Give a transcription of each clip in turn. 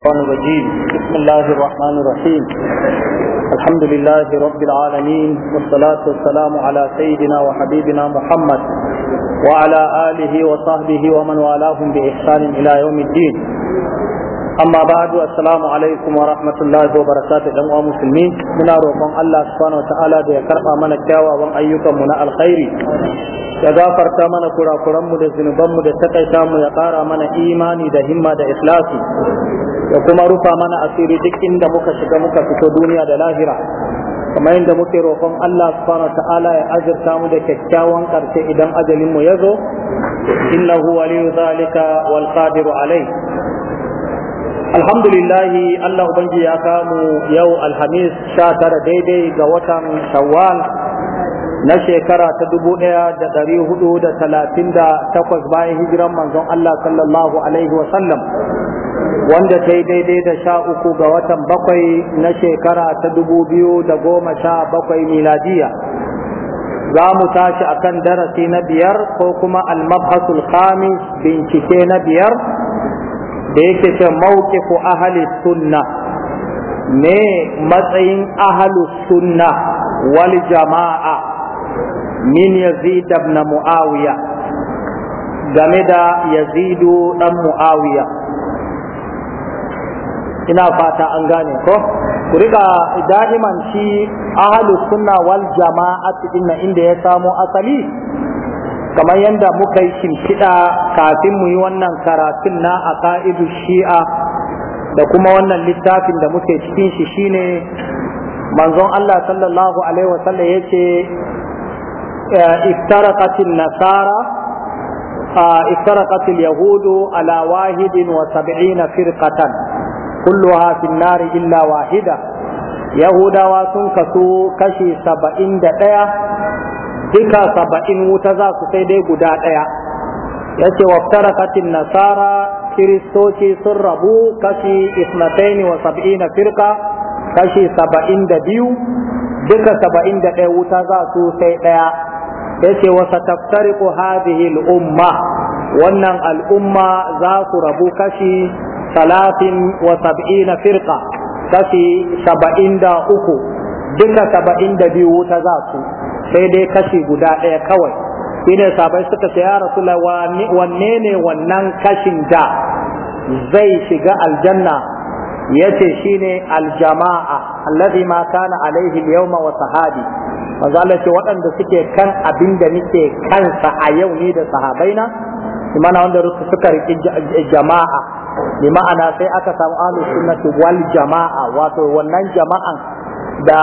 الشيطان الرجيم بسم الله الرحمن الرحيم الحمد لله رب العالمين والصلاة والسلام على سيدنا وحبيبنا محمد وعلى آله وصحبه ومن والاهم بإحسان إلى يوم الدين أما بعد السلام عليكم ورحمة الله وبركاته جمع مسلمين من روحهم الله سبحانه وتعالى بيكرق من الجاوى وأيكم من الخير ya gafarta mana kurakuranmu da zunubanmu da takaita mu ya ƙara mana imani da himma da ikhlasi ya kuma rufa mana asiri duk inda muka shiga muka fito duniya da lahira kamar yadda muke roƙon Allah subhanahu ta'ala ya azurta mu da kyakkyawan karshe idan ajalin mu yazo innahu waliyu zalika wal qadir alai alhamdulillah Allah ubangi ya kamu yau alhamis 19 daidai ga watan shawwal na shekara ta dubu ɗaya da ɗari hudu da talatin da takwas bayan hijiran manzon Allah sallallahu alaihi wasallam wanda ta yi daidai da sha uku ga watan bakwai na shekara ta dubu biyu da goma sha bakwai miladiya za mu tashi a kan darasi na biyar ko kuma almabhasul khamis bincike na biyar da yake ce mawqifu ahli sunna ne matsayin ahli sunna wal jama'a min yazid ibn muawiya game da yazidu dan muawiya ina fata an gane ko ku riga da'iman shi ahlu sunna wal jama'ati inna inda ya samo asali kamar yadda muka yi shimfiɗa kafin mu yi wannan karatun na a ka'idu shi'a da kuma wannan littafin da muke cikin shi shine manzon Allah sallallahu alaihi wasallam ce افترقت النصارى افترقت اليهود على واحد وسبعين فرقة كلها في النار إلا واحدة يهودا واسن كسو كشي سبعين دقيا دكا سبعين وتزا سيدي قدا دقيا يسي وافترقت النصارى كريستوتي سربو كشي اثنتين وسبعين فرقة كشي سبعين دبيو دكا سبعين دقيا وتزا سيدي yace wa sataftariqu hadhihi al-umma wannan al'umma za su rabu kashi talatin wa sab'ina firqa kashi saba'in da uku duka saba'in da biyu wuta za su sai dai kashi guda ɗaya kawai shine sabai suka ce ya rasulullah wanne ne wannan kashin da zai shiga aljanna yace shine aljama'a allazi ma kana alaihi al-yawma wa sahabi manzo ce waɗanda suke kan abin da nike kansa a yau ne da sahabaina imana wanda rusu suka riƙi jama'a bi ma'ana sai aka samu ahlus sunnati wal jama'a wato wannan jama'an da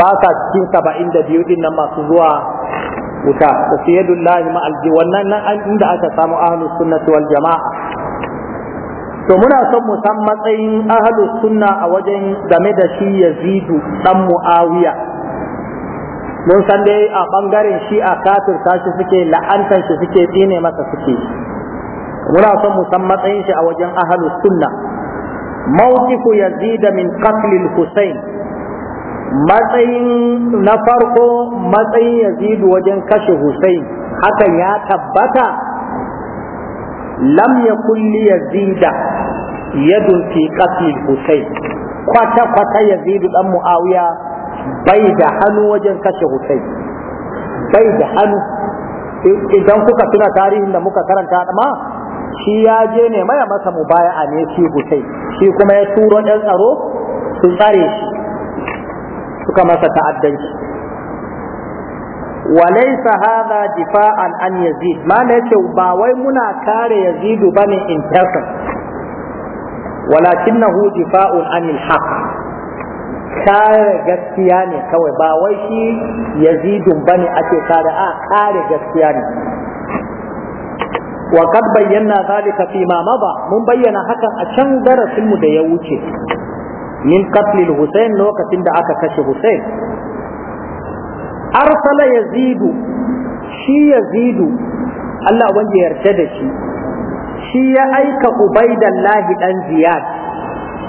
ba sa cikin saba'in da biyu din nan masu zuwa wuta da siyadullahi ma'alji wannan nan inda aka samu ahlus sunnati wal jama'a to muna son mu san matsayin ahlus sunna a wajen game da shi yazidu dan muawiya mun san dai a bangaren shi a kafir shi suke la'antar shi suke tsine masa suke muna son mu san matsayin shi a wajen ahlu sunna mawqifu yazid min qatl al-husayn matsayin na farko matsayin Yazidu wajen kashe husayn hakan ya tabbata lam yakul li yazida yadun fi qatl al-husayn kwata kwata Yazidu, dan muawiya bai da hannu wajen kashe Hussein bai da hannu idan kuka tuna tarihin da muka karanta ma shi ya je ne maya masa mu mubaya'a ne shi Hussein shi kuma ya turo ɗan tsaro su tsare shi suka masa ta'addanci difa'an an yazid. ma يزيد ما ba wai muna kare yazidu bane in person walakinahu difa'un anil haqq kare gaskiya ne kawai ba wai shi yazidun bane ake kare a kare gaskiya ne wa kad bayyana zalika fi ma mada mun bayyana hakan a can darasin mu da ya wuce min qatlil husayn lokacin da aka kashe husayn arsala yazidu shi yazidu Allah wanda ya yarda da shi shi ya aika ubaidallahi dan ziyad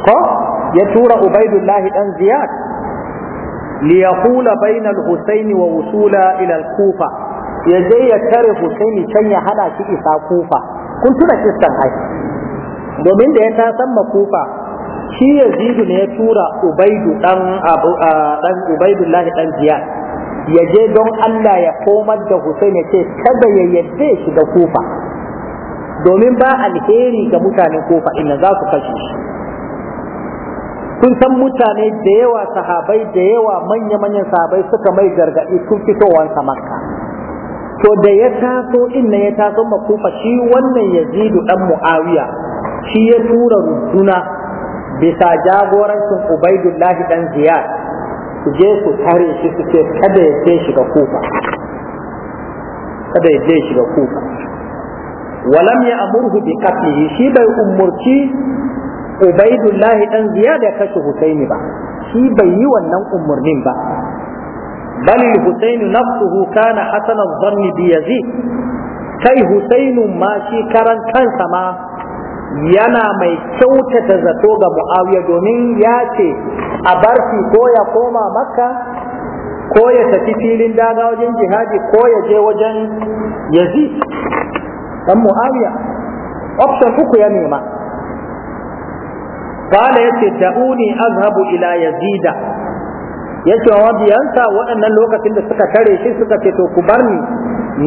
ko ya tura ubaidullahi dan ziyad liyaqula bainal husaini wa wusula ila al-kufa ya je ya tare husaini can ya hada shi isa kufa kun tuna kistan ai domin da ya ta san makufa shi yazidu ne ya tura ubaidu dan abu dan ubaidullahi dan ziyad ya je don Allah ya komar da Hussein ya ce kada ya yadda shi da kufa domin ba alheri ga mutanen kufa inda za su kashe shi kun san mutane da yawa sahabai da yawa manya-manyan sahabai suka mai gargaɗi tun fitowarsa makka to da ya taso inna ya taso makufa shi wannan yazidu dan mu'awiya shi ya tura runduna bisa jagorancin ubaidullahi dan ziyad su je su tare shi su ce kada ya je shiga kufa kada ya je shiga kufa walam ya amurhu bi qatlihi shi bai umurci ubaidullahi dan ziyad ya kashe husaini ba shi bai yi wannan umurnin ba bal husainu nafsuhu kana hasana dhanni bi yazid kai husainu ma shi karan kansa ma yana mai kyautata zato ga muawiya domin ya ce a barki ko ya koma makka ko ya tafi filin daga wajen jihadi ko ya je wajen yazid dan muawiya option uku ya nema qala yace da'uni azhabu ila yazida yace wa mabiyansa waɗannan lokacin da suka kare shi suka ce to ku bar ni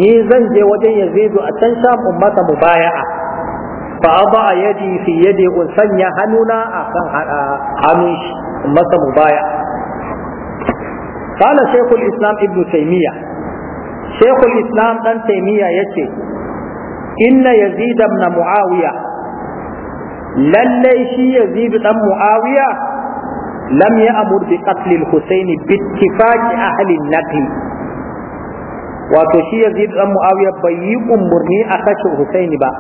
ni zan je wajen yazidu a can sham ummata mubaya'a fa aba yadi fi yadi sanya hannuna akan hannun shi قال شيخ الإسلام ابن تيمية شيخ الإسلام ابن تيمية يتي إن يزيد بن معاوية lallai shi yazid dan muawiya lam ya'mur bi qatl al-husayn bi ittifaq ahli an wato shi yazid dan muawiya bai yi umurni a kashe husayn ba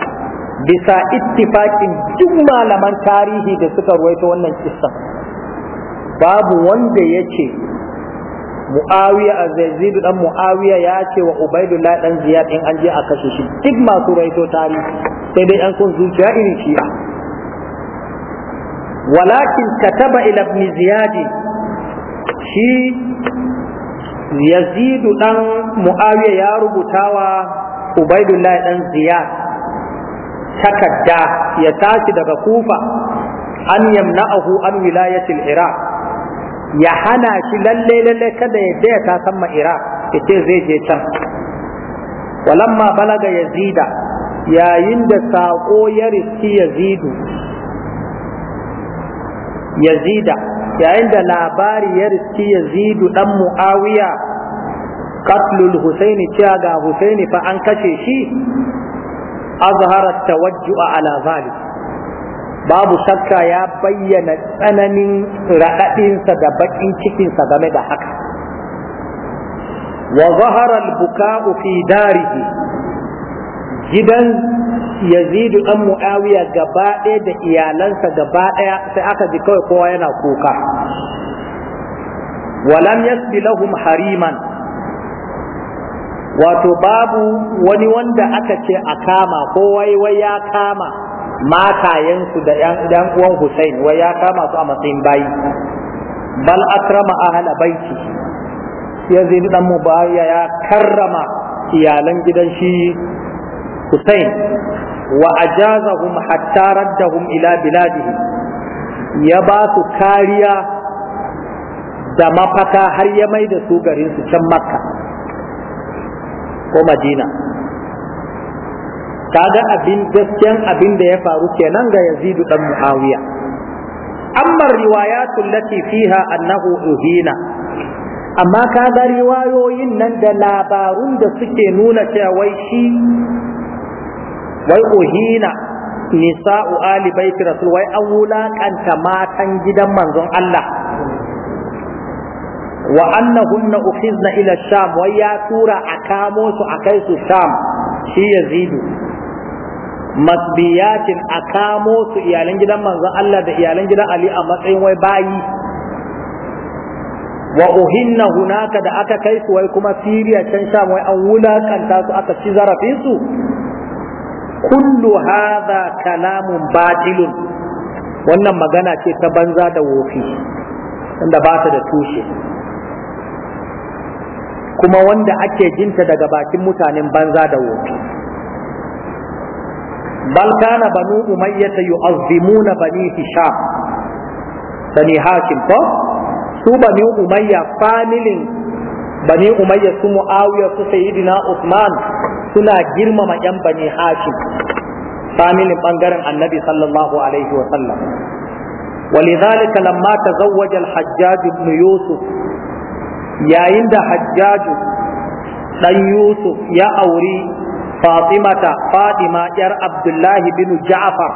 bisa ittifaqin duk malaman tarihi da suka ruwaito wannan kissa babu wanda yace muawiya yazid dan muawiya ya ce wa ubaidullah dan ziyad in an je a kashe shi duk masu ruwaito tarihi sai dai an kun zuciya irin shi'a walakin kataba ila ibn ziyad shi yazidu ɗan muawiya ya rubutawa ubaidullah dan ziya. takadda ya tashi daga kufa an na ahu wilayatil iraq ya hana shi lalle lalle kada ya daya ta samma iraq yace zai je can walamma balaga yazida yayin da saƙo ya riski yazidu yazida yayin da labari ya riski yazidu dan muawiya katlul husaini cewa ga husaini fa an kashe shi azhara tawajju'a ala zalik babu shakka ya bayyana tsananin raɗaɗinsa da baƙin cikinsa game da haka wa zahara al-buka'u fi darihi gidan yazidu dan muawiya gaba ɗaya da iyalansa gaba ɗaya sai aka ji kawai kowa yana kuka walam yasbi lahum hariman wato babu wani wanda aka ce a kama ko wai wai ya kama matayensu da yan uwan Hussein wai ya kama su a matsayin bayi bal akrama ahla baiti yazidu dan muawiya ya karrama iyalan gidan shi Hussein wa ajazahum hatta raddahum ila biladihi ya ba su kariya da mafaka har ya mai da su garin su can makka ko madina kaga abin gaskiyan abin da ya faru kenan ga yazidu dan muawiya amma riwayatul lati fiha annahu uhina amma kaga riwayoyin nan da labarun da suke nuna cewa wai shi wai uhina nisa'u ali baiti rasul wai an ta matan gidan manzon Allah wa annahunna ukhizna ila sham wai ya tura a kamo su a kai su sham shi yazidu masbiyatin a kamo su iyalan gidan manzon Allah da iyalan gidan Ali a matsayin wai bayi wa uhinna hunaka da aka kai su wai kuma Siriya can sham wai an wulakanta su aka ci zarafin su kullu hadha kalamun batilun wannan magana ce ta banza da wofi wanda ba ta da tushe kuma wanda ake jinta daga bakin mutanen banza da wofi bal kana banu umayyata yu'azzimuna bani hisham bani hakim ko su bani umayya familin bani umayya su muawiya su sayyidina usman suna girmama yan bani hashim familin bangaren annabi sallallahu alaihi wa sallam ولذلك لما تزوج الحجاج بن يوسف yayin da hajjaju ɗan yusuf ya auri fatimata fadima yar abdullahi bin ja'far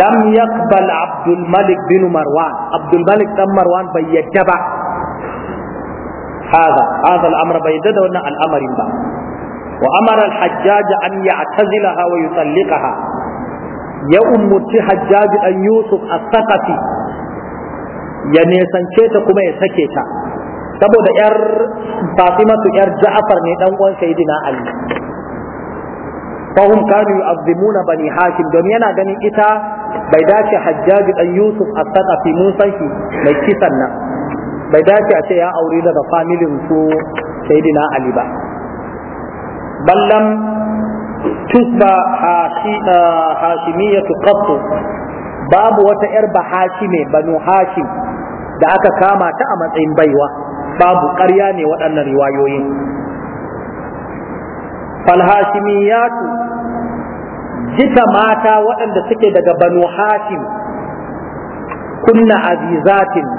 lam yaqbal abdulmalik bin marwan abdulmalik dan marwan bai yadda ba hadha hadha al-amr bai da wannan al'amarin ba wa amara al-hajjaj an ya'tazilaha wa yutalliqaha ya ummuti yusuf ya nesance ta kuma ya sake ta saboda yar fatimatu yar ja'far ne dan uwan sayyidina ali fahum kanu yu'azzimuna bani hashim don yana ganin ita bai dace Hajjaji dan yusuf as-saqafi mun san shi mai kisan nan bai dace a ce ya aure daga familin su sayidina ali ba ballam tusba eh, hashimiyyatu qattu babu wata yar bahashime banu hashim da aka kama ta a matsayin baiwa babu ƙarya ne waɗannan riwayoyin falhashimiyatu jita mata waɗanda suke daga banu hashim kunna azizatin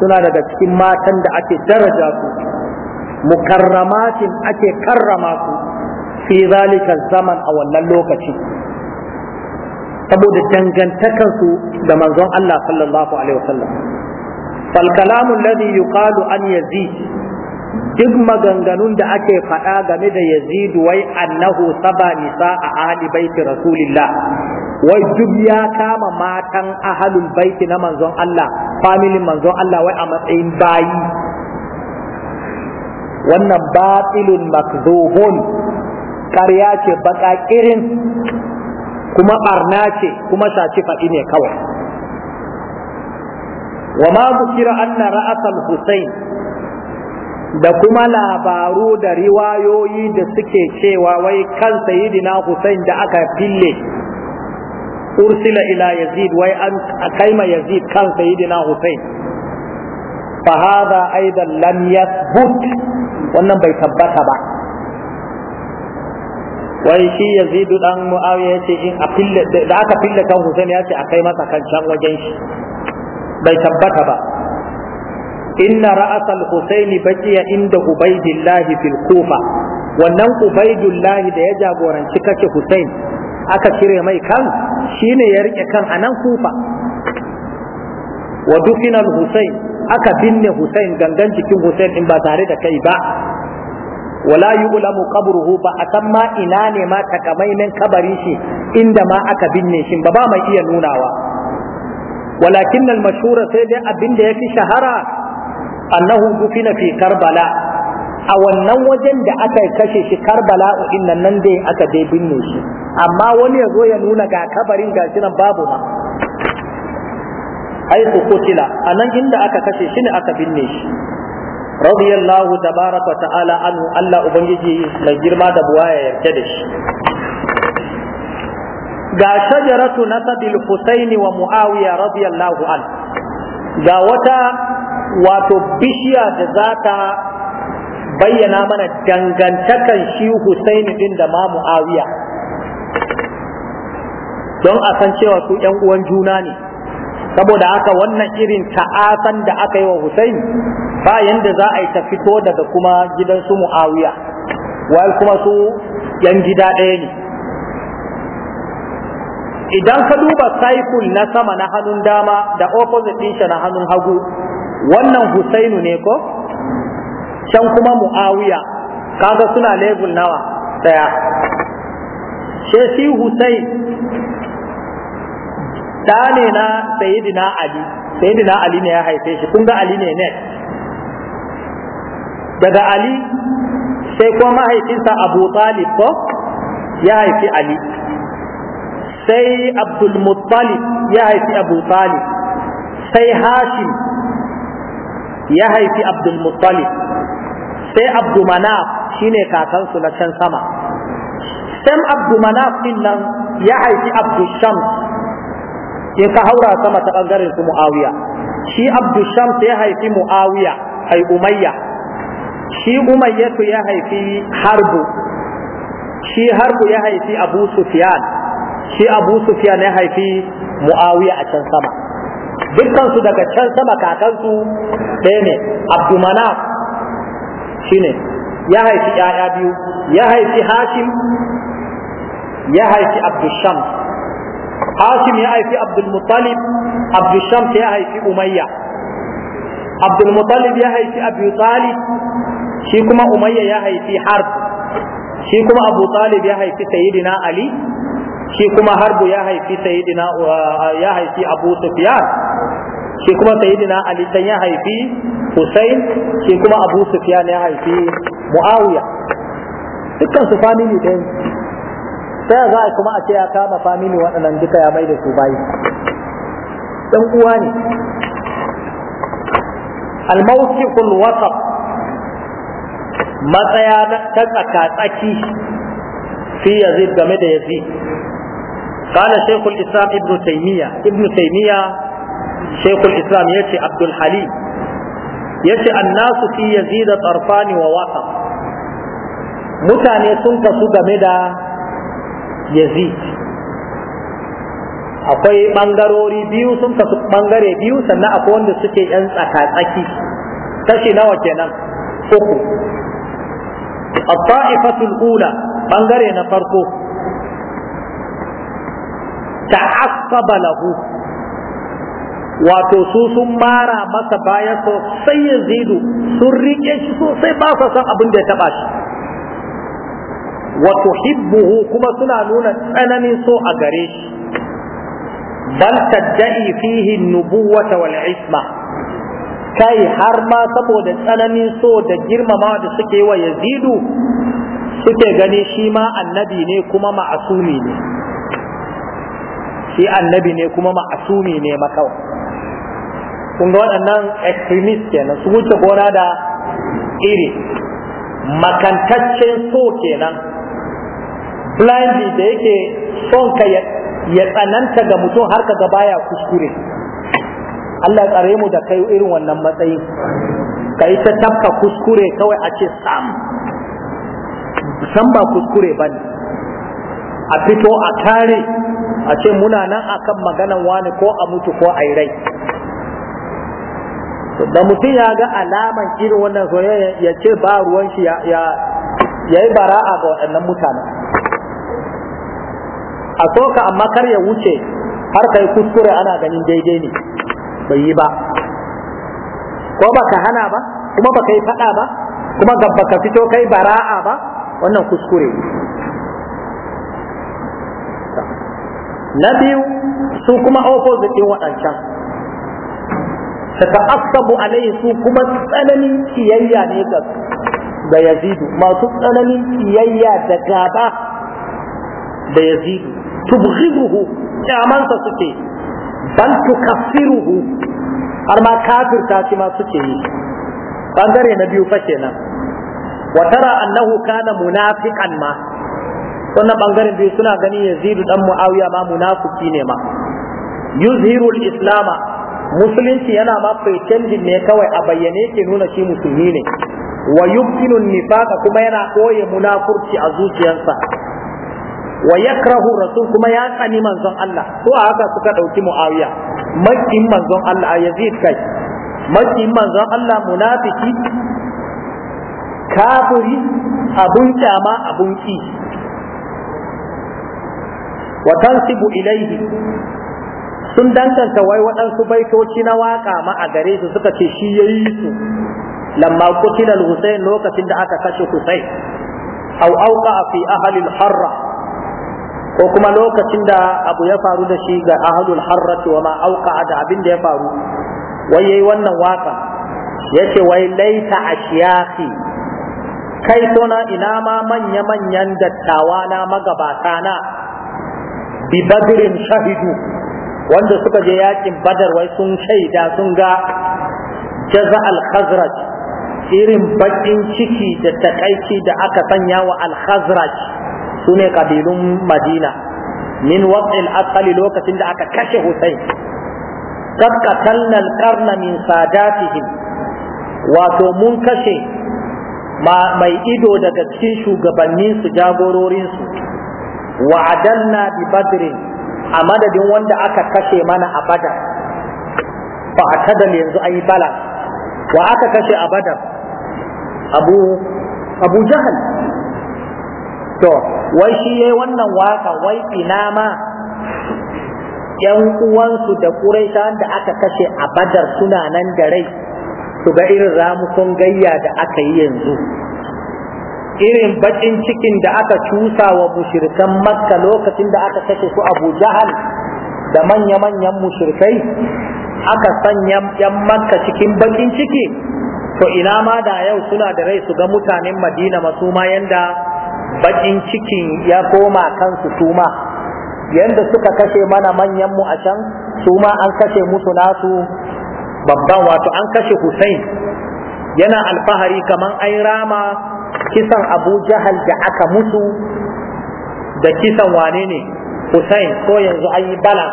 suna daga cikin matan da ake daraja su mukarramatin ake karrama su fi zalikal zaman a wannan lokaci saboda dangantakarsu da manzon Allah sallallahu alaihi wasallam fal kalamu alladhi yuqalu an yazi. duk maganganun da ake faɗa game da yazidu wai annahu saba nisa a ahli baiti rasulillah wai duk ya kama matan ahalul baiti na manzon Allah family manzon Allah wai a matsayin bayi wannan batilun makzuhun ƙarya ce baka kirin? kuma barna ce kuma shaci faɗi ne kawai wa ma bukira anna ra'asal husain da kuma labaru da riwayoyi da suke cewa wai kan sayidina Hussein da aka fille ursila ila yazid wai an kaima yazid kan sayidina Hussein fa hadha aidan lam yathbut wannan bai tabbata ba wai shi yazid dan muawiya yace in a fille da aka fille kan Hussein yace ce akai masa kan can wajen shi bai tabbata ba inna ra'asal husaini baqiya inda ubaidillahi fil wannan ubaidillahi da ya jagoranci kake husain aka cire mai kan shine ya rike kan anan kufa wa dufina husain aka binne husain gangan jikin husain in ba tare da kai ba wala yu'lamu qabruhu ba a san ma ina ne ma takamaimin kabarin shi inda ma aka binne shi ba ba mai iya nunawa walakin al-mashhura sai dai abin da yafi shahara annahu dufina fi karbala a wannan wajen da aka kashe shi karbala innan nan dai aka dai binne shi amma wani ya zo ya nuna ga kabarin ga shi nan babu ma haiku kutila a nan inda aka kashe shi ne aka binne shi radiyallahu tabaraka ta'ala anhu Allah ubangiji mai girma da buwa ya yarda da shi ga shajaratu nasabil husaini wa muawiya radiyallahu an, ga wata wato bishiya da za ta bayyana mana dangantakan shi Husaini din da ma Muawiya don a san cewa su ‘yan uwan juna ne saboda haka wannan irin ta'asan da aka yi wa Husaini ba yanda za a yi ta fito daga kuma gidan su Muawiya wai kuma su ‘yan gida ɗaya ne idan ka duba cycle na sama na hannun dama da opposite ɗin na hannun hagu wannan husainu ne ko can kuma mu'awiya kaga suna level nawa daya she shi husain da ne na sayyidina ali sayyidina ali ne ya haife shi kun ga ali ne ne daga ali sai kuma mahaifinsa abu talib ko ya haifi ali sai abdul muttalib ya haifi abu talib sai hashim ya haifi abdul muttalib sai abdu manaf shine kakansu na can sama sam abdu manaf din nan ya haifi Abdul shams in ka haura sama ta bangaren su muawiya shi Abdul shams ya haifi muawiya ai umayya shi umayyatu ya haifi harbu shi harbu ya haifi abu sufyan shi abu sufyan ya haifi muawiya a can sama dukkansu daga can sama kakansu ɗaya ne abdumana shine ya haifi ‘ya'ya biyu ya haifi hashim ya haifi abdusham hashim ya haifi abdulmutalib abdusham ya haifi umayya abdulmutalib ya haifi abu talib shi kuma umayya ya haifi harb shi kuma abu talib ya haifi sayyidina ali shi kuma harbu ya haifi sayyidina uh, ya haifi Abu Sufyan shi kuma sayyidina Ali san ya haifi Hussein shi kuma Abu Sufyan ya haifi Muawiya dukkan su family din sai za a kuma a ce ya kama family waɗannan duka ya mai da su bayi dan uwa ne al-mawqiqul wasat matsaya ta tsaka tsaki fi yazid game da yazid قال شيخ الإسلام ابن تيمية ابن تيمية شيخ الإسلام يأتي عبد الحليم يأتي الناس في يزيد طرفان ووسط mutane sun kasu game da yazid akwai ɓangarori biyu sun kasu ɓangare biyu sannan akwai wanda suke yan tsaka-tsaki tashi nawa kenan uku a ta'ifatul ula ɓangare na farko ta'assaba lahu wato su sun mara masa baya sosai ya zidu sun riƙe shi sosai ba sa san abin da ya taɓa shi Wato Hibbuhu kuma suna nuna tsananin so a gare shi bal tadda'i fihi nubuwata wal isma kai har ma saboda tsananin so da girmama da suke wa yazidu suke gani shi ma annabi ne kuma ma'asumi ne shi annabi ne kuma ma'asumi ne makawa kun ga waɗannan extremist kenan su wuce gona da iri makantaccen so kenan blindly da yake son ka ya tsananta ga mutum har ka baya kuskure Allah tsare mu da kai irin wannan matsayin ka yi ta tabka kuskure kawai a ce sam san ba kuskure ba ne a fito a kare a ce muna nan akan maganan wani ko a mutu ko a rai da mutum ya ga alaman irin wannan soyayya ya ce ba ruwan shi ya yi bara'a ga waɗannan mutane a soka amma kar ya wuce har kai kuskure ana ganin daidai ne bai yi ba ko baka hana ba kuma baka yi faɗa ba kuma gabba ka fito kai bara'a ba wannan kuskure na biyu su kuma opposite ɗin waɗancan ta ta'assabu alaihi su kuma tsananin kiyayya ne ga da yazidu masu tsananin kiyayya da gaba da yazidu tubghiruhu kyamansa suke bal tukaffiruhu har ma kafirta shi ma suke yi bangare na biyu fa kenan wa tara annahu kana munafiqan ma wannan bangaren biyu suna gani yazidu dan muawiya ma munafiki ne ma yuzhiru islama musulunci yana ma pretending ne kawai a bayyane ke nuna shi musulmi ne wa yubtinu nifaq kuma yana koye munafurci a zuciyarsa wa yakrahu rasul kuma ya tsani manzon Allah to a haka suka dauki muawiya makin manzon Allah a yazid kai makin manzon Allah munafiki kafiri abun kyama abun ki wa tansibu ilaihi sun danganta wai waɗansu baitoci na waƙa ma a gare su suka ce shi ya yi su lamma kutilal Hussein lokacin da aka kashe Hussein au auka fi ahalil harra ko kuma lokacin da abu ya faru da shi ga ahalul harra wa ma auka da abin da ya faru wai yayi wannan waƙa yace wai laita ashiyaki kai tona ina ma manya-manyan dattawa na magabata na bi badrin shahidu wanda suka je yakin badar wai sun shaida sun ga jaza al-khazraj irin bakin ciki da takaici da aka sanya wa al-khazraj sune kabilun madina min wat'il asali lokacin da aka kashe husayn kad qatalna al-qarna min sadatihim wato mun kashe mai ido daga cikin shugabanninsu jagororinsu wa'adalna bi badrin a madadin wanda aka kashe mana a badar fa atadal yanzu ayi bala wa aka kashe a badar abu abu jahal to wai shi yayi wannan waka wai ina ma yan uwansu da quraishan da aka kashe a badar suna nan da rai su ga irin ramukon gayya da aka yi yanzu irin baƙin cikin da aka cusa wa mushirkan makka lokacin da aka kashe su abu jahal da manya-manyan mushirkai aka sanya yan makka cikin baƙin ciki to ina ma da yau suna da rai su ga mutanen madina masu ma yanda baƙin ciki ya koma kansu su yanda suka kashe mana manyan mu a can su ma an kashe musu nasu babban wato an kashe Hussein yana alfahari kaman ai rama kisan abu jahal da aka mutu da kisan wane ne hussein ko yanzu an yi bala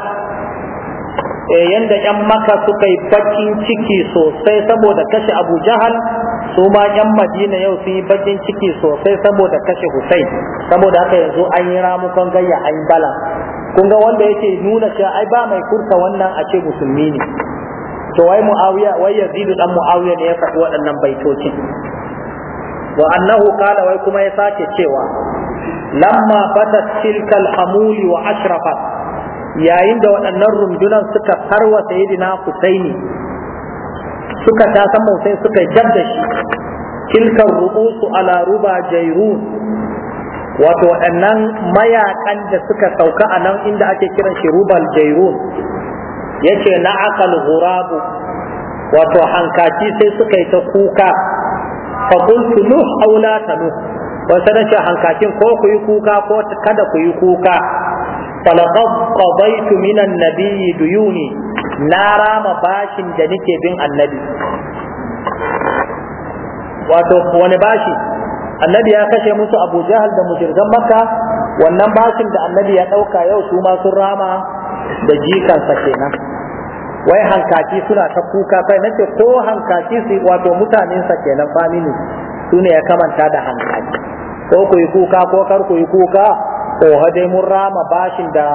eh, yanda yan maka suka yi bakin ciki sosai saboda kashe abu jahal su ma yan madina yau sun yi bakin ciki sosai saboda kashe hussein saboda haka yanzu an yi ramukan gayya an yi bala kun ga wanda yake nuna cewa ai ba mai kurta wannan a ce musulmi ne to wai muawiya wai yazid dan muawiya ne ya faɗi waɗannan baitocin wa annahu qala wai kuma ya sake cewa lamma fatat tilka al-hamul wa ashrafat yayin da waɗannan rundunan suka farwa sayyidina Husaini suka ta san suka jabda shi tilka ru'usu ala ruba jairun wato waɗannan mayakan da suka sauka a nan inda ake kiran shi rubal jairun yace na akal ghurabu wato hankaci sai suka yi ta kuka fa qultu nuh ta la wasu na nace hankakin ko ku yi kuka ko kada ku yi kuka falaqad minan min nabiyyi duyuni na rama bashin da nake bin annabi wato wani bashi annabi ya kashe musu abu jahal da mujirgan maka, wannan bashin da annabi ya ɗauka yau su ma sun rama da jikansa kenan wai hankaki suna ta kuka sai nace ko hankaki su wato sa kenan famini su ne ya kamanta da hankali? ko ku yi kuka ko kar ku yi kuka ko hade mun rama bashin da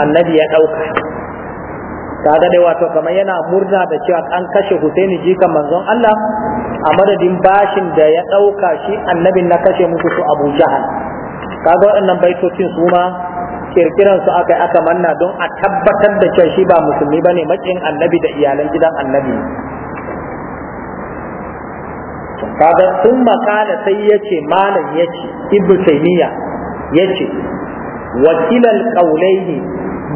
annabi ya ɗauka kaga dai wato kamar yana murna da cewa an kashe Husaini jikan manzon Allah a madadin bashin da ya ɗauka shi annabin na kashe musu su Abu Jahal kaga waɗannan baitocin su ma kirkiran su aka aka manna don a tabbatar da cewa shi ba musulmi bane makin annabi da iyalan gidan annabi kaga sun makala sai yace malam yace ibnu taymiya yace wakilal qaulaini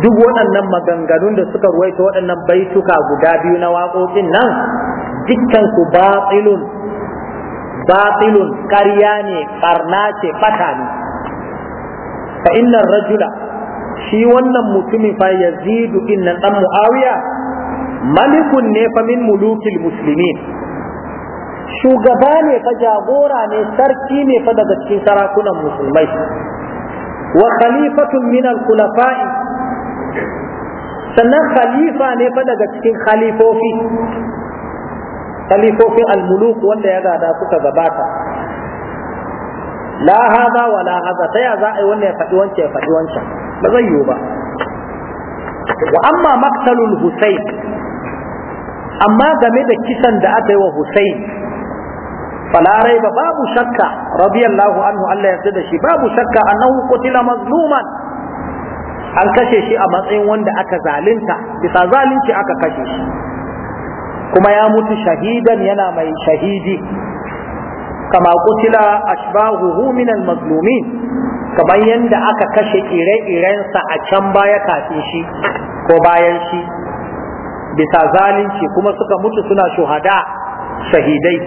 duk waɗannan maganganun da suka ruwaita waɗannan baituka guda biyu na waƙoƙin nan dukkan su batilun batilun ƙarya ne ɓarna ce fata ne fa innar rajula shi wannan mutumin fa yazidu innan dan muawiya malikun ne fa min mulukil muslimin shugaba ne fa jagora ne sarki ne fa daga cikin sarakunan musulmai wa khalifatun min al-khulafa'i sannan khalifa ne fa daga cikin khalifofi khalifofin al-muluk wanda ya gada kuka gabata la wa la ta ya za a yi wannan ya faɗi wancan ya faɗi wancan ba zai yiwu ba wa amma maktalul husayn amma game da kisan da aka yi wa husayn falarai ba babu shakka radiyallahu anhu Allah ya da shi babu shakka annahu qutila mazluman an kashe shi a matsayin wanda aka zalunta bisa zalunci aka kashe shi kuma ya mutu shahidan yana mai shahidi kama kutila ashbahuhu min al kamar yadda aka kashe ire-irensa a can baya kafin shi ko bayan shi bisa zalunci kuma suka mutu suna shuhada shahidai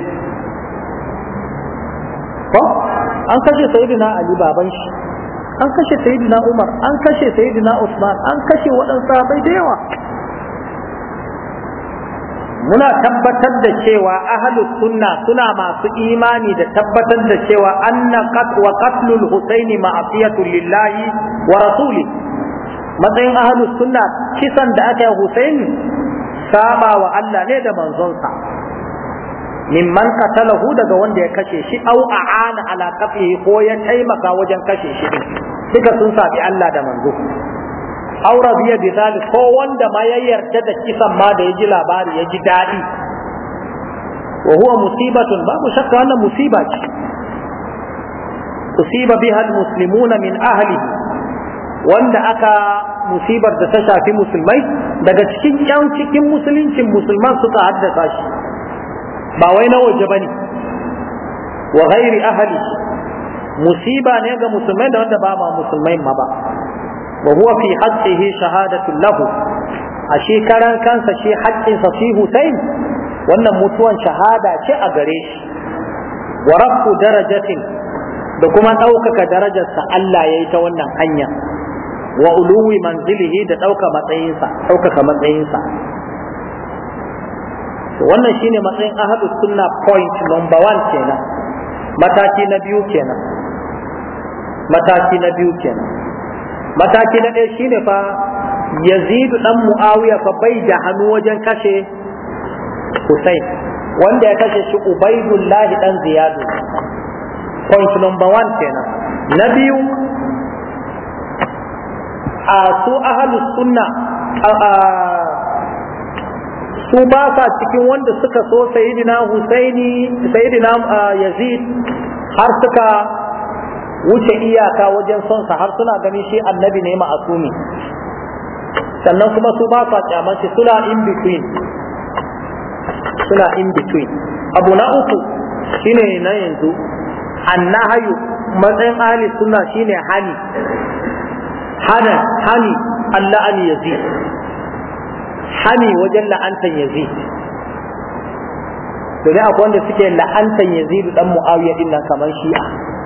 ko an kashe sayyidina ali baban shi an kashe sayyidina umar an kashe sayyidina usman an kashe waɗansu da yawa muna tabbatar da cewa ahlus sunna suna masu imani da tabbatar da cewa anna qat wa qatlul husaini ma'asiyatu lillahi wa rasuli matsayin ahlus sunna kisan da aka yi husaini saba wa Allah ne da manzonsa mimman qatalahu daga wanda ya kashe shi au a'ana ala qafihi ko ya taimaka wajen kashe shi duka sun sabi Allah da manzo aura biya bi zalik ko wanda ma ya yarda da kisan ma da ya ji labari ya ji daɗi wa huwa musibatun babu shakka wannan musiba ce usiba biha almuslimuna min ahlihi wanda aka musibar da ta shafi musulmai daga cikin yan cikin musuluncin musulman su suka haddasa shi ba wai na waje bane wa ghairi ahli musiba ne ga musulmai da wanda ba ma musulmai ma ba wa huwa fi haqqihi shahadatu lahu a shi karan kansa shi haƙƙinsa Hussein wannan mutuwan shahada ce a gare shi wa rafu darajatin da kuma ɗaukaka darajarsa Allah ya yi ta wannan hanya wa uluwi da matsayinsa wannan shine matsayin ahadu sunna point number one kenan mataki na biyu kenan mataki na biyu kenan mataki na ɗaya shine fa yazidu dan muawiya fa bai da hannu wajen kashe husain wanda ya kashe shi ubaidullahi dan ziyadu point number one kenan na biyu a su ahalus sunna su ba sa cikin wanda suka so sayidina husaini sayidina yazid har suka wuce iyaka wajen son sa har suna ganin shi annabi ne ma'asumi sannan kuma su ba sa kyaman shi suna in between suna in between abu na uku shine na yanzu annahayu matsayin ahli sunna shine hani hana hani Allah an yazi hani wajen la'antan yazi domin akwai wanda suke la'antan yazi dan mu'awiya din nan kamar shi'a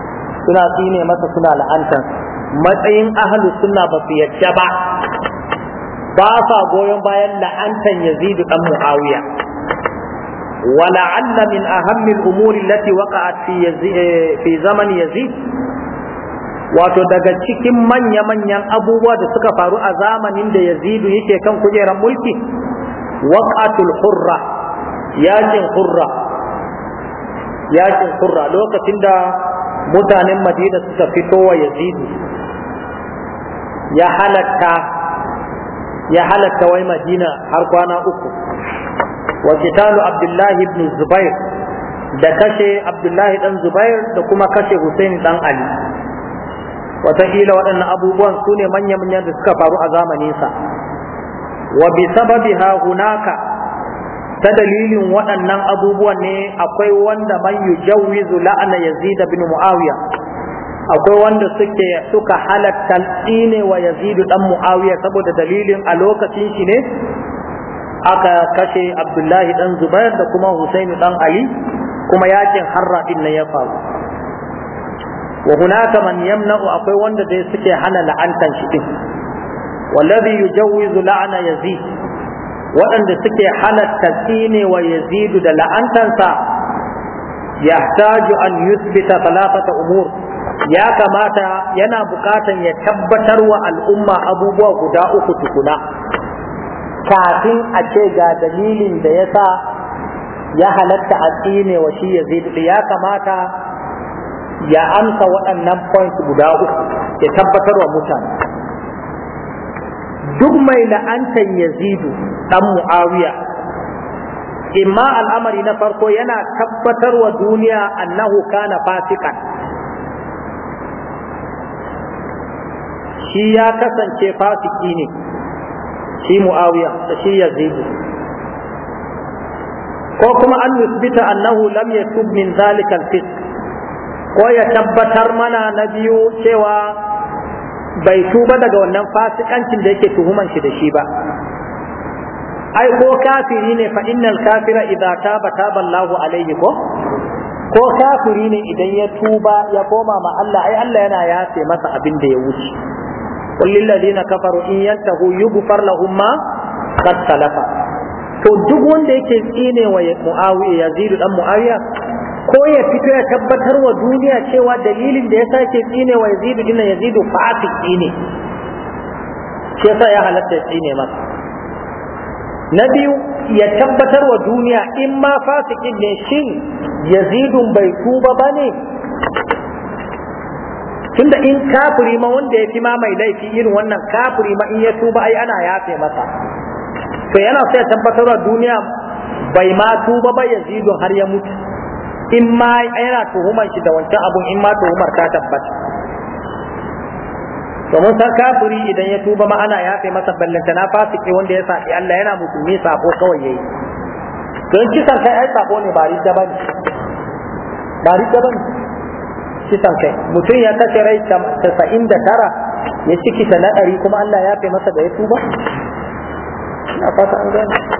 suna tsine masa suna la'antar matsayin ahlu suna ba su yadda ba ba sa goyon bayan la'antan yazidu dan muawiya ولعل من أهم الأمور التي وقعت في, يزي... في زمن wato daga cikin manya-manyan abubuwa da suka faru a zamanin da yazidu yake kan kujerar mulki waqatul hurra yakin hurra yakin hurra lokacin da mutanen madina suka fito wa yazidu ya halatta ya halatta wai madina har kwana uku wa kitalu abdullahi ibn zubair da kashe abdullahi dan zubair da kuma kashe husaini dan ali wataƙila waɗannan abubuwan su ne manya-manyan da suka faru a zamaninsa wa bi sababi ha hunaka ta dalilin waɗannan abubuwan ne akwai wanda man jawizu, la'ana yazid bin muawiya akwai wanda suke suka halatta tsine wa yazid dan muawiya saboda dalilin a lokacin shi ne aka kashe abdullahi dan zubair da kuma husaini dan ali kuma yakin harra din ne ya faru wa hunaka man yamna'u akwai wanda dai suke hana la'antan shi din wallazi yujawizu la'ana yazid waɗanda suke halatta tsine wa yazidu da la'antansa yahtaju an yuthbita thalathata umur ya kamata yana buƙatan ya tabbatar wa al'umma abubuwa guda uku tukuna kafin a ce ga dalilin da ya sa ya halatta a tsine wa shi yazidu ya kamata ya amsa waɗannan points guda uku ya tabbatar wa mutane duk mai la'antan yazidu dan muawiya imma al'amari na farko yana tabbatar wa duniya annahu kana fasikan shi ya kasance fasiki ne shi muawiya shi yazidu ko kuma an yusbita annahu lam yatub min zalikal al ko ya tabbatar mana na biyu cewa bai tuba daga wannan fasikancin da yake tuhuman shi da shi ba ai ko kafiri ne fa innal kafira idza taba taba Allahu alaihi ko ko kafiri ne idan ya tuba ya koma ma Allah ai Allah yana yafe masa abin da ya wuce qul lil ladina kafaru in yantahu yughfar lahum ma qad salafa to duk wanda yake tsine wa Muawiya Yazid dan Muawiya ko ya fito ya tabbatar wa duniya cewa dalilin da ya sake tsine wa yazidu dinna yazidu fasiki ne shi yasa ya halatta tsine masa na biyu ya tabbatar wa duniya in ma fasikin ne shin yazidun bai tuba ba ne tunda in kafiri ma wanda ya fi ma mai laifi irin wannan kafiri ma in ya tuba ai ana yafe masa to yana so ya tabbatar wa duniya bai ma tuba ba yazidun har ya mutu in ma yana tuhumar shi da wancan abun in ma tuhumar ta tabbata domin san kafiri idan ya tuba ma ana yafe masa ballanta na fasiki wanda ya saki eh, Allah yana musulmi sako kawai yayi don kisan kai ai sako ne ba ridda bane ba ridda bane kisan kai mutum ya kashe rai tara ya ciki ta na ɗari kuma Allah ya yafe masa da ya tuba na fata an gane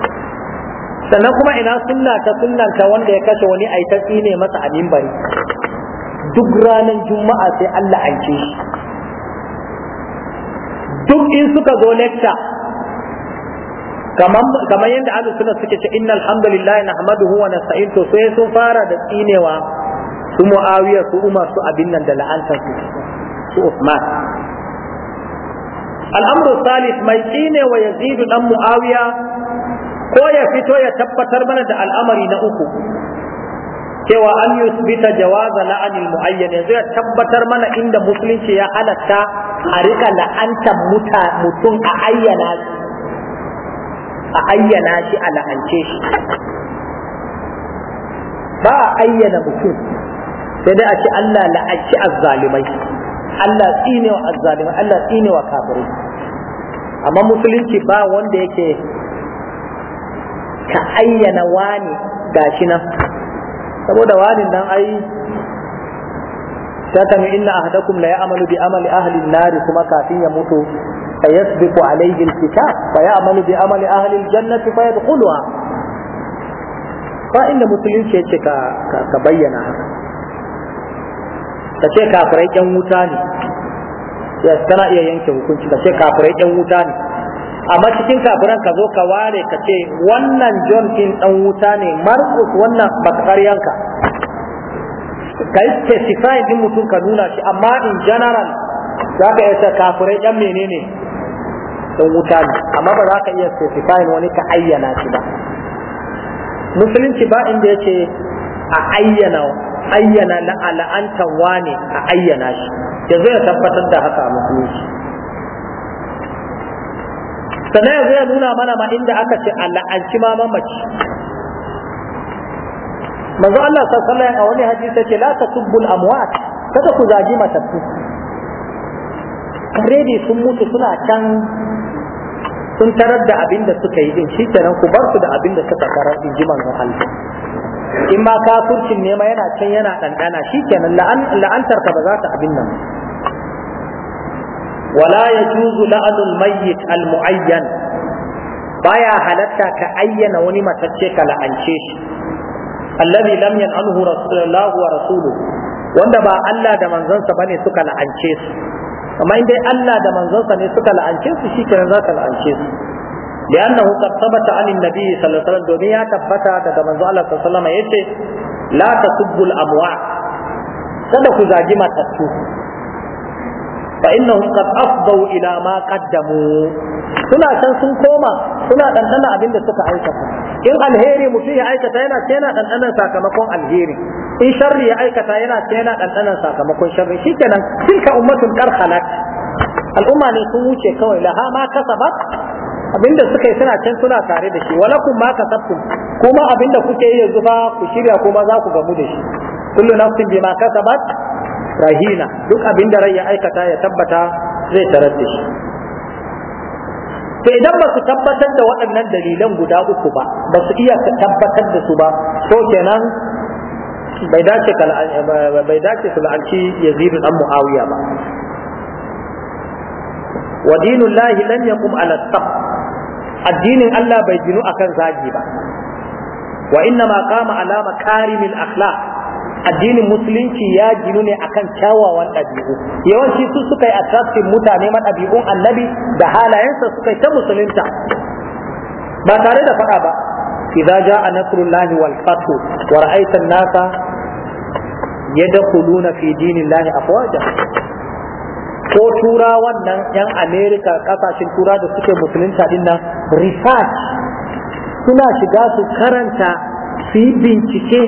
sannan kuma ina sunna ta sunnanta wanda ya kashe wani a ta tsine masa a mimbari duk ranar juma'a sai Allah an ce shi duk in suka zo lecture kamar yadda ahlus suna suke ce alhamdulillahi na nahmaduhu wa nasta'in to sai sun fara da tsinewa su muawiya su umar su abin nan da la'antar su su usman al'amru salis mai tsinewa yazidu dan muawiya ko ya fito ya tabbatar mana da al'amari na uku cewa an yusbita jawaza la'anil muayyan yanzu ya tabbatar mana inda musulunci ya halatta a rika la'antar mutum a ayyana shi a ayyana shi a la'ance shi ba a ayyana mutum sai dai a ce Allah la'anci azzalimai Allah tsinewa azzalimai Allah tsinewa kafirai amma musulunci ba wanda yake ka ayyana wani gashi nan saboda wani nan ai shatamu inna ahadakum la ya'malu bi amali ahli an-nar kuma kafin ya mutu fayasbiqu alayhi al-kitab fa ya'malu bi amali ahli al-jannati fa yadkhuluha fa inda musulunci yace ka ka bayyana haka ce kafirai yan wuta ne yes kana iya yanke hukunci ce kafirai yan wuta ne amma cikin kafiran ka zo ka ware ka ce wannan john din dan wuta ne markus wannan bakaryanka ka yi specify din mutum ka nuna shi amma in general za ka iya kafirai yan menene dan wuta ne amma ba za ka iya specify wani ka ayyana shi ba musulunci ba inda ya ce a ayyana ayyana la'antan wane a ayyana shi yanzu ya tabbatar da haka a musulunci sannan yanzu ya nuna mana ma inda aka ce la'anci ma mamaci manzo Allah sallallahu alaihi a wani hadisi yace la tasubbul amwat kada ku zagi matattu karedi sun mutu suna can sun tarar da abin da suka yi din shi kenan ku bar su da abin da suka tarar in ji manzon Allah in ma kafircin ne ma yana can yana ɗanɗana shi kenan la'antar ka ba za ta abin nan wala yajuzu la'anul mayyit al muayyan baya halatta ka ayyana wani matacce ka la'ance shi alladhi lam wa rasuluhu wanda ba Allah da manzansa bane suka la'ance su amma dai Allah da manzansa ne suka la'ance su shikenan za ka la'ance su لأنه قد ثبت عن النبي صلى الله عليه وسلم daga manzo Allah sallallahu alaihi wasallam yace la tasubbu amwa kada ku zagi matattu fa innahum qad afdau ila ma qaddamu suna can sun koma suna dandana abin da suka aikata in alheri mutum ya aikata yana ce yana sakamakon alheri in sharri ya aikata yana ce ɗanɗanan sakamakon sharri shikenan tilka ummatun qad khalat al'umma ne sun wuce kawai laha ma kasabat abinda suka yi suna can suna tare da shi walakum ma kasabtum kuma abinda kuke yi yanzu fa ku shirya kuma za ku gamu da shi kullu nafsin bima kasabat rahina duk abin da rai ya aikata ya tabbata zai tarar da shi idan ba su tabbatar da waɗannan dalilan guda uku ba ba su iya tabbatar da su ba to kenan bai dace bai dace su la'anci yazid dan muawiya ba wa dinullahi lam yaqum ala sab addinin Allah bai ginu akan zagi ba wa inna ma qama ala makarimil akhlaq addinin musulunci ya ginu ne akan kyawawan ɗabi'u yawanci su suka yi attractive mutane ɗabi'un annabi da halayensa suka yi ta musulunta ba tare da faɗa ba idza jaa nasrullahi wal fath wa ra'aita an-nasa yadkhuluna fi dinillahi afwaja ko tura wannan yan america kasashen tura da suke musulunta dinnan research suna shiga su karanta su yi bincike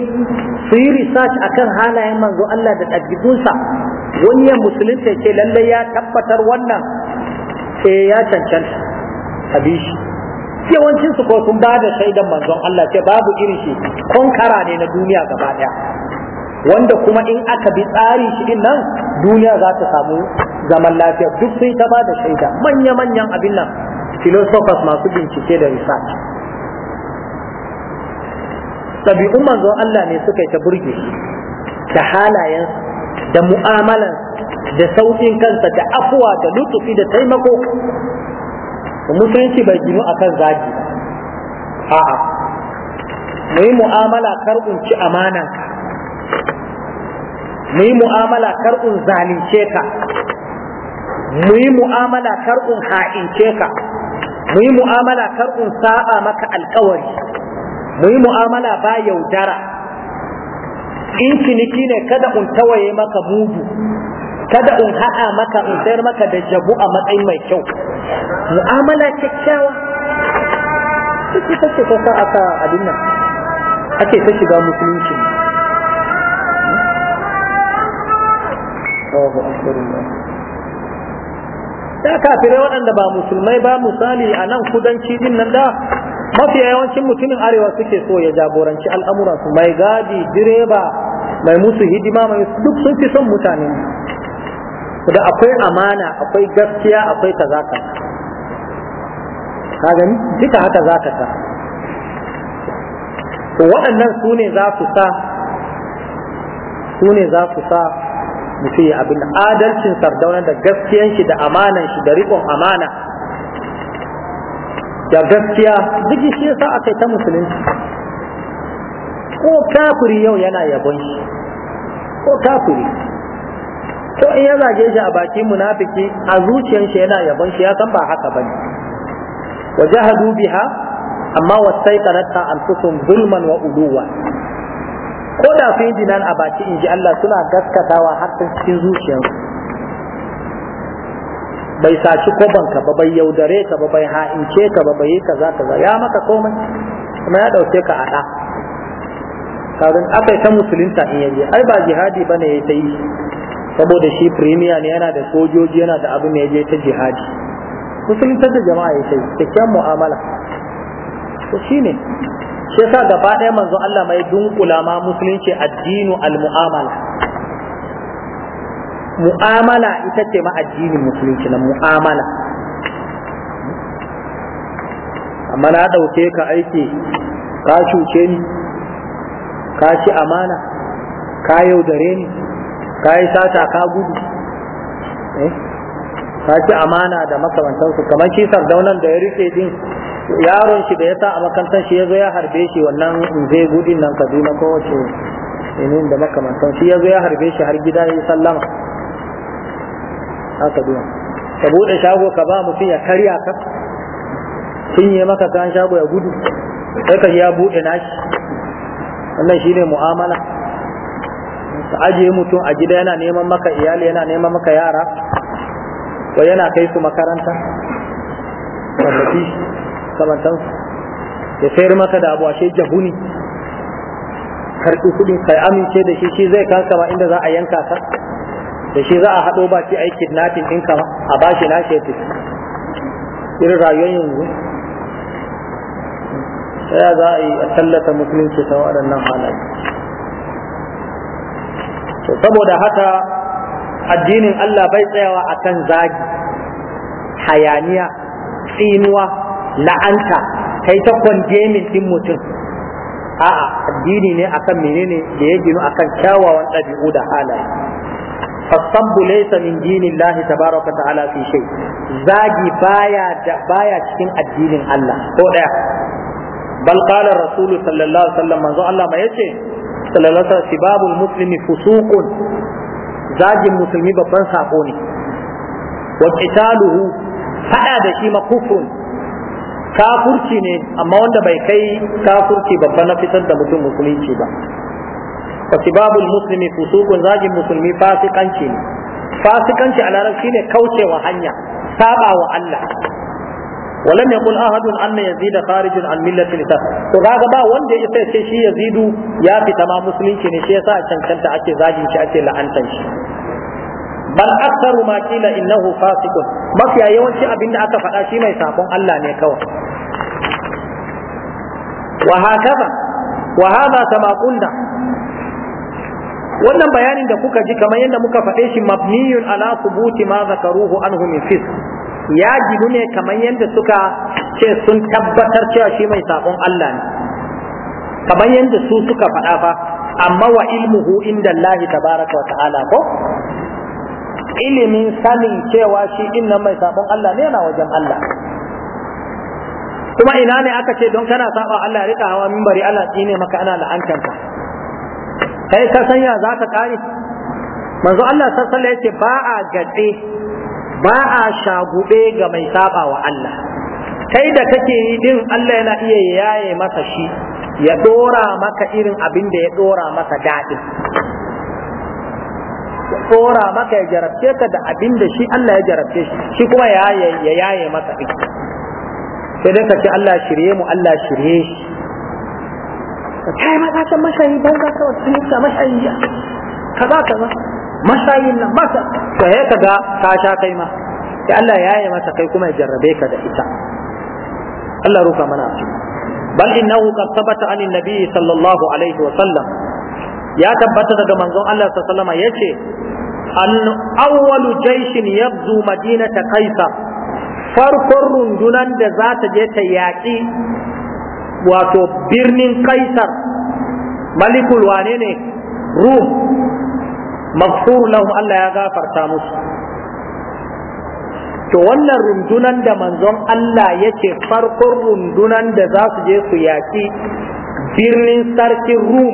su yi research akan halayen manzo Allah da ɗabi'unsa wani ya musulunta ce lallai ya tabbatar wannan eh ya cancanta abi shi su ko sun bada shaidan manzon Allah ce babu irin shi konkara ne na duniya gaba daya wanda kuma in aka bi tsari shi din nan duniya za ta samu zaman lafiya duk sai ta bada shaida manya-manyan abin nan philosophers masu bincike da research ɗabi'un manzon Allah ne suka yi ta burge da halayen da mu'amalan da saukin kansa da afuwa da lutufi da taimako musulunci bai ginu akan zagi a'a mu yi mu'amala kar ci amananka mu yi mu'amala kar zalince zalunce ka mu yi mu'amala kar ha'ince ka mu yi mu'amala kar un maka alkawari mu yi mu'amala ba yaudara in ciniki ne kada in tawaye maka mudu kada in haɗa maka in sayar maka da jabu a matsayin mai kyau mu'amala kyakkyawa suke sake ta a aka abin nan ake ta shiga musulunci Allahu da kafirai waɗanda ba musulmai ba misali a nan kudanci din nan da mafiya yawancin mutumin arewa suke so ya jagoranci al'amuransu mai gadi direba mai musu hidima mai duk sun fi son mutane da akwai amana akwai gaskiya akwai kaza ka gani duka haka za ka ta waɗannan su ne za su sa su ne za su sa mutum ya abin adalcin sardauna da gaskiyan shi da amanan shi da riƙon amana da gaskiya duk shi yasa aka yi ta musulunci ko kafiri yau yana yabon shi ko kafiri to in ya zage shi a bakin munafiki a zuciyar shi yana yabon shi ya san ba haka bane wa jahadu biha amma wastaiqanatha anfusuhum zulman wa uguwa. ko da fi dinan a baki in ji Allah suna gaskatawa har cikin zuciyarsu bai saci koban ka ba bai yaudare ka ba bai ha'ince ka ba bai yi kaza kaza ya maka komai kuma ya dauke ka a da kafin akai ta musulunta in yaje ai ba jihadi bane ya ta yi saboda shi premier ne yana da sojoji yana da abu ya je ta jihadi musulunta da jama'a ya ta yi kyakkyawan mu'amala to shine shi yasa gaba ɗaya manzon Allah mai dunkula ma musulunci addinu al-mu'amala mu'amala ita ce ma addinin musulunci na mu'amala amma na ɗauke ka aiki ka cuce ni ka ci amana ka yaudare ni ka yi sata ka gudu eh? ka ci amana da makamantansu kamar shi sardaunan da ya rufe din yaron shi da ya sa a makantar shi ya zo ya harbe shi wannan zai gudun nan kaduna kowace ne eh, da makamantan shi ya zo ya harbe shi har gida ya yi sallama haka biyan ka bude shago ka ba mutum ya karya ka Sun yi maka kan shago ya gudu sai ka ya bude nashi wannan shine mu'amala ka ajiye mutum a gida yana neman maka iyali yana neman maka yara wai yana kai su makaranta tallafi kamantansu ya sayar maka da abu ashe jahuni karɓi kuɗin kai amince da shi shi zai kankama inda za a yanka ka da shi za a haɗo ba ce aikin natin ɗinka a bashi na shi irin rayuwar yanzu ta za a yi a tallata musulunci ta waɗannan halaye saboda haka addinin Allah bai tsayawa a kan zagi hayaniya tsinuwa la'anta kai ta kwandemin mutum a'a addini ne akan menene da ya ginu akan kyawawan ɗabi'u da halaye fasabbu laysa min dinillahi tabaraka ta'ala fi shay zagi baya cikin addinin Allah ko daya bal qala rasul sallallahu alaihi wasallam manzo Allah ma yace sallallahu alaihi wasallam sibabul muslimi zagin musulmi babban sako ne wa qitaluhu fada da shi makufrun kafurci ne amma wanda bai kai kafurci babban na fitar da mutum musulunci ba fasibabul muslimi fusukun zagin musulmi fasikanci ne fasikanci a larabci ne kaucewa hanya saba wa Allah ولم يقل أحد أن يزيد خارج عن ملة الإسلام to kaga ba wanda ya sai shi yazidu ya fita ma musulunci ne shi yasa a cancanta ake zagin shi ake la'antan shi bal aktsaru ma qila innahu fasiqun mafiya yawanci abin da aka faɗa shi mai sakon Allah ne kawai wa hakaza wa hadha kama qulna wannan bayanin da kuka ji kamar yadda muka faɗe shi mabniyun ala subuti ma zakaruhu anhu min fis ya jibu ne kamar yadda suka ce sun tabbatar cewa shi mai sakon Allah ne kamar yadda su suka faɗa fa amma wa ilmuhu inda Allah tabaraka wa ta'ala ko ilimin sanin cewa shi inna mai sakon Allah ne yana wajen Allah kuma ina ne aka ce don kana saba Allah rika hawa minbari Allah tsine maka ana la'antanka kai ka sanya za ka kare manzo Allah alaihi wasallam yake ba a gatse ba a shagube ga mai saba wa Allah kai da kake yi din Allah yana iya yaye masa shi ya dora maka irin abin da ya dora maka dadi ya dora maka ya jarabce ka da abin da shi Allah ya jarabce shi shi kuma ya yaye maka ɗin sai dai ka ce Allah shirye mu Allah shirye shi kai ma kasan mashayi ban ka kawai sun ka mashayi ya kaza kaza mashayin nan ba to ya kaga ka sha kai ma sai Allah ya yi mata kai kuma ya jarrabe ka da ita Allah ruka mana su bal innahu qad thabata an nabi sallallahu alaihi wa sallam ya tabbata daga manzon Allah sallallahu alaihi yace an awwalu jaishin yabzu madinata kaisa farkon rundunan da za ta je ta yaƙi wato birnin kaisar malikul wane ne rum maghfur lahum Allah ya gafarta musu to wannan rundunan da manzon Allah yake farkon rundunan da za su je su yaƙi birnin sarkin rum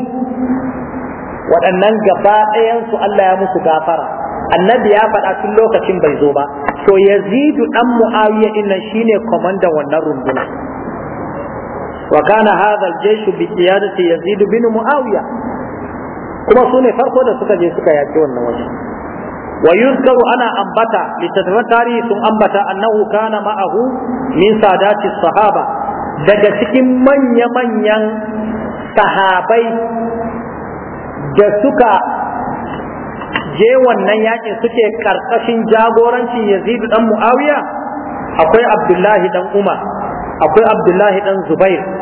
waɗannan gaba ɗayansu Allah ya musu gafara annabi ya faɗa tun lokacin bai zo ba to yazidu ɗan mu'awiya inna shine kwamandan wannan rundunan wa kana hadha al-jaysh yazid bin muawiya kuma su ne farko da suka je suka yaki wannan waje wa yuzkaru ana ambata littattafan tarihi sun ambata annahu kana ma'ahu min sadati sahaba daga cikin manya-manyan sahabai da suka je wannan yakin suke karkashin jagorancin Yazid dan Muawiya akwai Abdullahi dan Umar akwai Abdullahi dan Zubair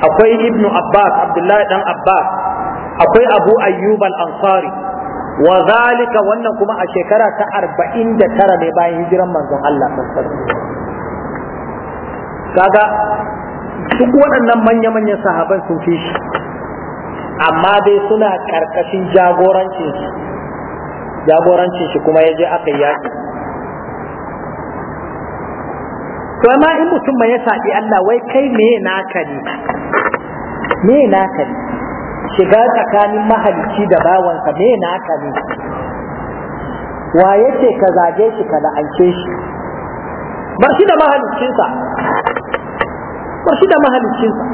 akwai ibn abbas abdullahi dan abbas akwai abu ayyub al-ansari wa zalika wannan kuma a shekara ta 49 ne bayan hijiran manzon Allah kaga duk waɗannan manya-manyan sahaban sun fi shi amma dai suna ƙarƙashin jagorancin shi jagorancin shi kuma ya je aka yaki to amma in mutum mai ya saɓi Allah wai kai me naka ne me naka ne shiga tsakanin mahalicci da bawansa me naka ne wa yake ka zage shi ka la'ance shi bar shi da mahaliccinsa bar shi da mahaliccinsa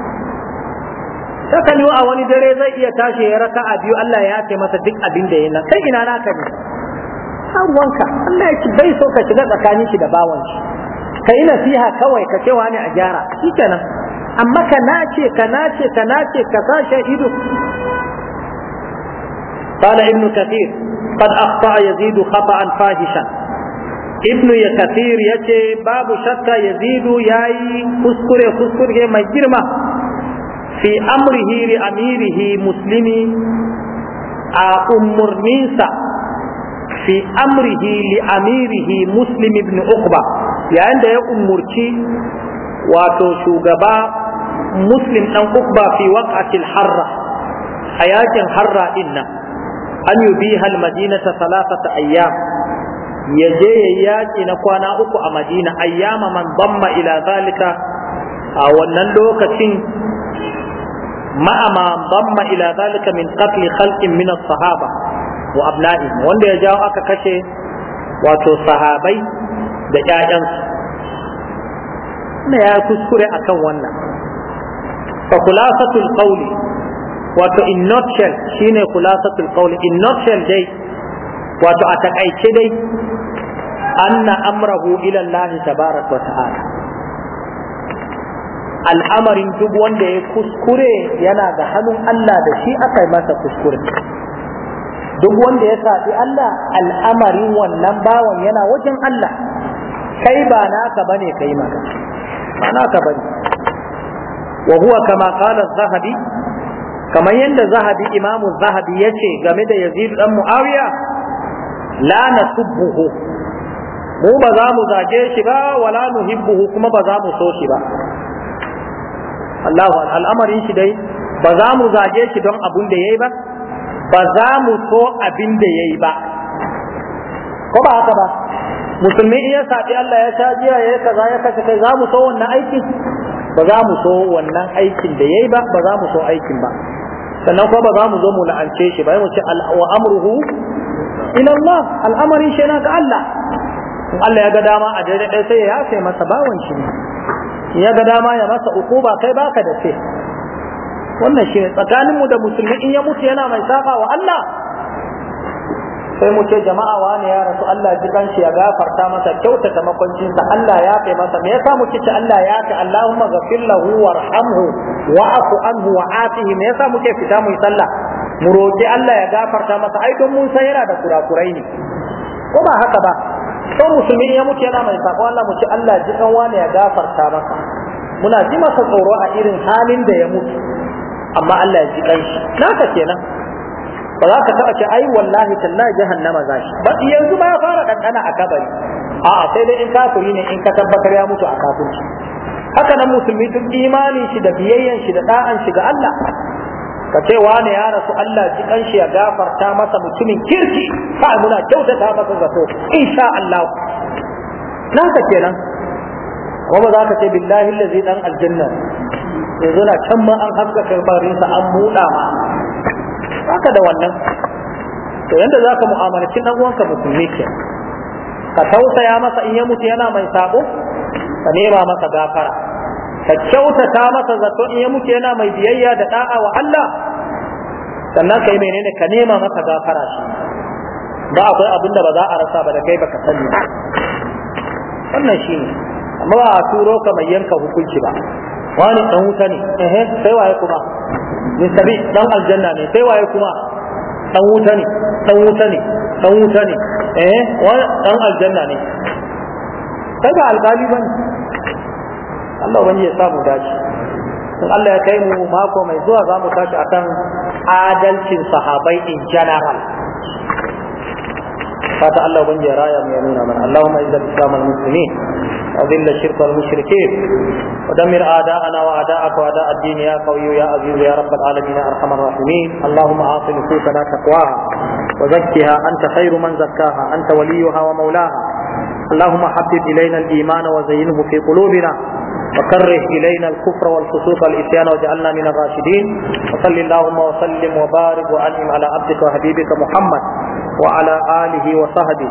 saka a wani dare zai iya tashi ya raka a biyu Allah ya ce masa duk abin da yana kai ina naka ne har wanka Allah ya ci bai so ka shiga tsakanin shi da bawan shi ka yi nasiha kawai ka cewa ne a gyara shi kenan amma ka nace ka nace ka nace ka sa ido قال ابن كثير قد أخطأ يزيد خطأ فاحشا ابن كثير يتي باب شك يزيد ياي كسكر كسكر ما جرمه في أمره لأميره مسلم أمر نيسا في أمره لأميره مسلم بن عقبة yayin da ya umurci wato shugaba muslim dan ukba fi waqatil harra a yakin harra inna an yubiha almadinata thalathata ayyam ya je ya yaƙi na kwana uku a madina ayyama man damma ila zalika a wannan lokacin ma'ama damma ila zalika min qatl khalqin min as-sahaba wa abna'ihim wanda ya jawo aka kashe wato sahabai da ƴaƴansu na ya kuskure a kan wannan fa khulasatul qawli wato in nutshell shine khulasatul qawli in nutshell dai wato a takaice dai anna amrahu ila Allah tabaraka wa ta'ala al'amarin duk wanda ya kuskure yana da hannun Allah da shi aka yi masa kuskure duk wanda ya saɓi Allah al'amarin wannan bawan yana wajen Allah kai ba naka bane kai maka ba naka bane wa huwa kama qala az-zahabi kamar yadda zahabi imamu zahabi ya ce game da yazid dan muawiya la nasubbuhu mu ba za mu zage shi ba wala nuhibbuhu kuma ba za mu so shi ba Allahu al'amarin shi dai ba za mu zage shi don abin da yayi ba ba za mu so abin da yayi ba ko ba haka ba musulmi iya saɓi Allah ya sha jiya ya yi kaza ya kashe kai za mu so wannan aikin ba za mu so wannan aikin da yayi ba ba za mu so aikin ba sannan kuma ba za mu zo mu la'ance shi ba mu ce wa amruhu ila Allah al'amarin shi na ga Allah in Allah ya ga dama a daidai ɗaya sai ya yafe masa bawan shi ne ya ga dama ya masa ukuba kai baka da sai wannan shi ne tsakaninmu da musulmi in ya mutu yana mai safa wa Allah sai mu ce jama'a wane ya rasu Allah ji shi ya gafarta masa kyautata makwancinsa Allah ya kai masa me yasa mu kici Allah ya ka Allahumma ghafir lahu warhamhu wa'fu anhu wa'afihi me yasa muke fita mu sallah mu roki Allah ya gafarta masa ai don mun sai yana da kurakurai ne ko ba haka ba ko musulmi ya mutu yana mai sako Allah mu ce Allah ji kan wani ya gafarta masa muna ji masa tsoro a irin halin da ya mutu amma Allah ya ji shi naka kenan ba za ka taɓa ce ai wallahi tallahi jahannama za shi ba yanzu ma ya fara ɗanɗana a kabari a'a sai dai in kafiri ne in ka tabbatar ya mutu a kafirci haka nan musulmi duk imanin shi da biyayyan shi da da'an shi ga Allah ka ce wane ya rasu Allah ji kanshi ya gafarta masa mutumin kirki fa muna kyautata masa zato insha Allah nan ka kenan kuma za ka ce billahi allazi dan aljanna yanzu na can ma an haska karbarinsa an buɗa ma haka da wannan to yanda za ka mu'amalci ɗan uwanka musulmi ke ka tausaya masa in ya mutu yana mai sako ka nema masa gafara ka kyautata masa zato in ya mutu yana mai biyayya da da'a wa Allah sannan kai menene ka nema masa gafara shi ba akwai abin da ba za a rasa ba da kai baka sani ba wannan shi ne amma ba a turo ka mai yanka hukunci ba wani dan wuta ne eh sai waye kuma ne sabi dan aljanna ne sai waye kuma dan wuta ne dan wuta ne dan wuta ne eh wa dan aljanna ne sai ba alƙali bane Allah wani ya samu dace in Allah ya kai mu mako mai zuwa za mu tashi akan adalcin sahabai in general fata Allah wani ya raya mu ya nuna mana Allahumma izzal islamal muslimin أذل الشرك والمشركين ودمر أعداءنا وأعداءك وأعداء الدين يا قوي يا عزيز يا رب العالمين يا أرحم الراحمين اللهم أعط نفوسنا تقواها وزكها أنت خير من زكاها أنت وليها ومولاها اللهم حبب إلينا الإيمان وزينه في قلوبنا وكره إلينا الكفر والفسوق والإسيان واجعلنا من الراشدين وصل اللهم وسلم وبارك وأنعم على عبدك وحبيبك محمد وعلى آله وصحبه